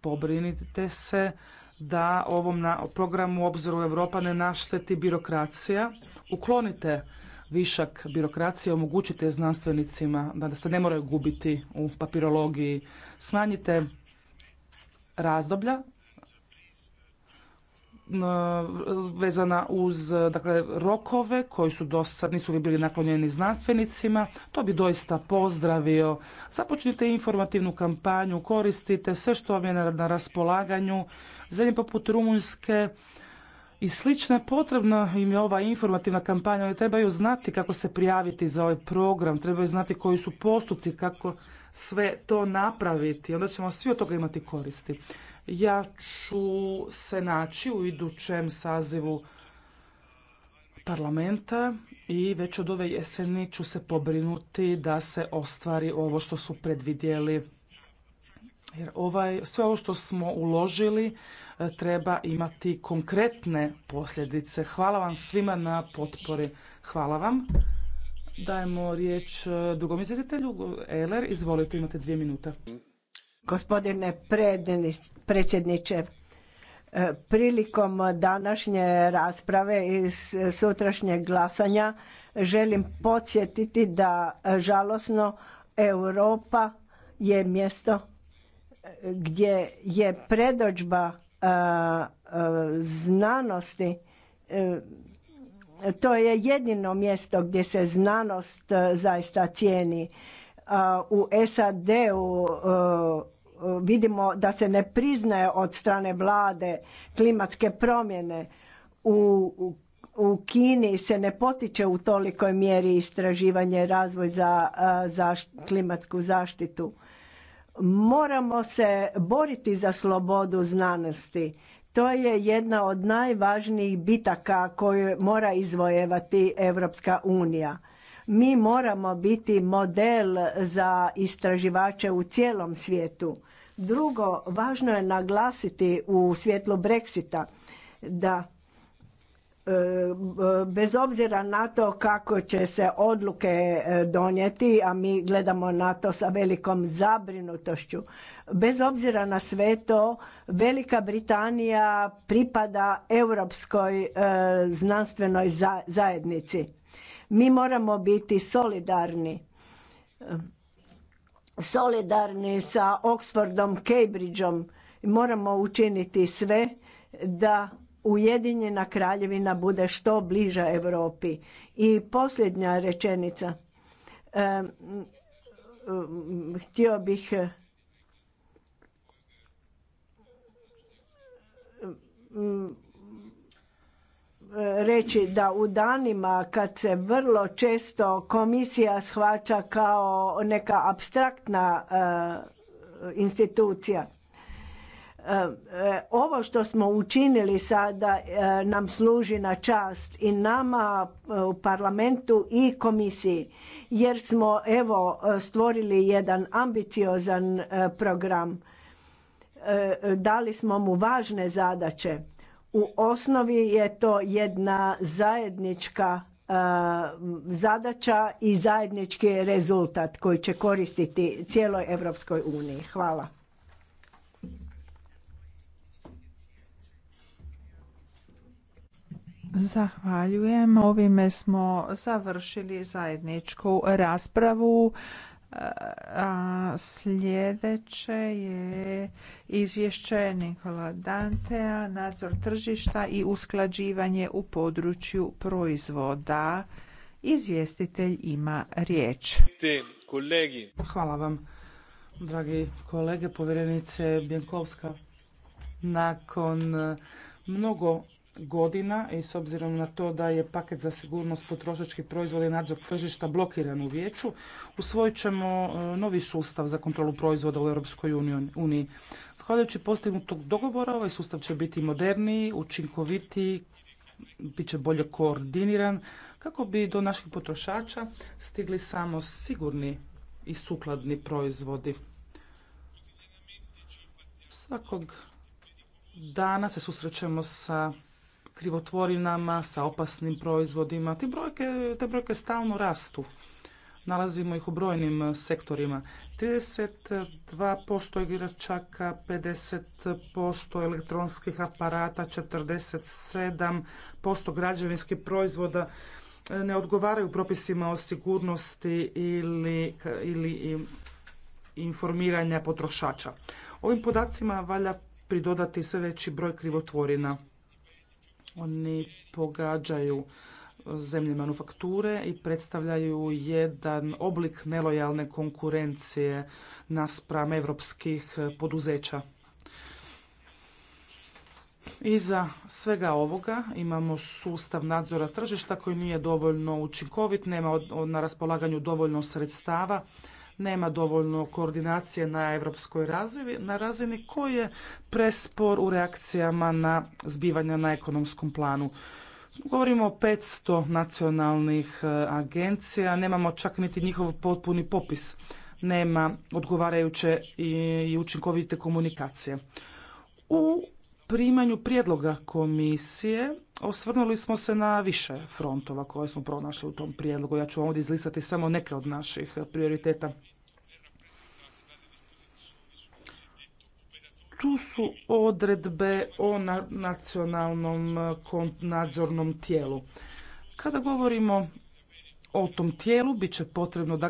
Pobrinite se da ovom programu programu Obzoru Europa ne našteti birokracija. Uklonite višak birokracije omogućite znanstvenicima da se ne moraju gubiti u papirologiji. Smanjite razdoblja vezana uz dakle, rokove koji su do sad nisu bili naklonjeni znanstvenicima. To bi doista pozdravio. Započnite informativnu kampanju, koristite sve što vam je na raspolaganju. Zemlje poput Rumunjske i slično je potrebna im je ova informativna kampanja. Oni trebaju znati kako se prijaviti za ovaj program, trebaju znati koji su postupci, kako sve to napraviti. Onda ćemo svi od toga imati koristi. Ja ću se naći u idućem sazivu parlamenta i već od ove jeseni ću se pobrinuti da se ostvari ovo što su predvidjeli jer ovaj, sve ovo što smo uložili e, treba imati konkretne posljedice. Hvala vam svima na potpori. Hvala vam. Dajemo riječ e, dugom izvjestitelju. Eler, izvolite, imate dvije minute. Gospodine predsjedniče, e, prilikom današnje rasprave i sutrašnjeg glasanja želim podsjetiti da žalosno Europa je mjesto gdje je predođba e, e, znanosti e, to je jedino mjesto gdje se znanost zaista cijeni. U SAD-u vidimo da se ne priznaje od strane vlade klimatske promjene. U, u Kini se ne potiče u tolikoj mjeri istraživanje razvoj za, za klimatsku zaštitu. Moramo se boriti za slobodu znanosti. To je jedna od najvažnijih bitaka koju mora izvojevati Europska unija. Mi moramo biti model za istraživače u cijelom svijetu. Drugo, važno je naglasiti u svjetlu Brexita da E, bez obzira na to kako će se odluke e, donijeti, a mi gledamo na to sa velikom zabrinutošću, bez obzira na sve to, Velika Britanija pripada europskoj e, znanstvenoj zajednici. Mi moramo biti solidarni. Solidarni sa Oxfordom, Cambridgeom. Moramo učiniti sve da Ujedinjena kraljevina bude što bliža Europi. I posljednja rečenica. Htio bih reći da u danima kad se vrlo često komisija shvaća kao neka abstraktna institucija ovo što smo učinili sada e, nam služi na čast i nama e, u parlamentu i komisiji jer smo evo e, stvorili jedan ambiciozan program. Dali smo mu važne zadaće. U osnovi je to jedna zajednička zadaća i zajednički rezultat koji će koristiti cijeloj Europskoj uniji. Hvala. Zahvaljujem. Ovime smo završili zajedničku raspravu. A sljedeće je izvješće Nikola Dantea, nadzor tržišta i usklađivanje u području proizvoda. Izvjestitelj ima riječ. Hvala vam, dragi kolege, povjerenice Bjenkovska. Nakon mnogo godina i s obzirom na to da je paket za sigurnost potrošačkih proizvoda i nadzor tržišta blokiran u vijeću, usvojit ćemo e, novi sustav za kontrolu proizvoda u Europskoj uniji. Zahvaljujući postignutog dogovora ovaj sustav će biti moderniji, učinkovitiji, bit će bolje koordiniran kako bi do naših potrošača stigli samo sigurni i sukladni proizvodi. Svakog dana se susrećemo sa krivotvorinama, sa opasnim proizvodima. Te brojke, te brojke stalno rastu. Nalazimo ih u brojnim eh, sektorima. 32% igračaka, 50% elektronskih aparata, 47% građevinskih proizvoda eh, ne odgovaraju propisima o sigurnosti ili, ili informiranja potrošača. Ovim podacima valja pridodati sve veći broj krivotvorina. Oni pogađaju zemlje manufakture i predstavljaju jedan oblik nelojalne konkurencije naspram evropskih poduzeća. Iza svega ovoga imamo sustav nadzora tržišta koji nije dovoljno učinkovit, nema na raspolaganju dovoljno sredstava nema dovoljno koordinacije na europskoj razini, na razini koji je prespor u reakcijama na zbivanja na ekonomskom planu. Govorimo o 500 nacionalnih e, agencija, nemamo čak niti njihov potpuni popis, nema odgovarajuće i učinkovite komunikacije. U primanju prijedloga komisije osvrnuli smo se na više frontova koje smo pronašli u tom prijedlogu. Ja ću ovdje izlistati samo neke od naših prioriteta. tu su odredbe o nacionalnom e, nadzornom tijelu. Kada govorimo o tom tijelu, bit će potrebno da dakle,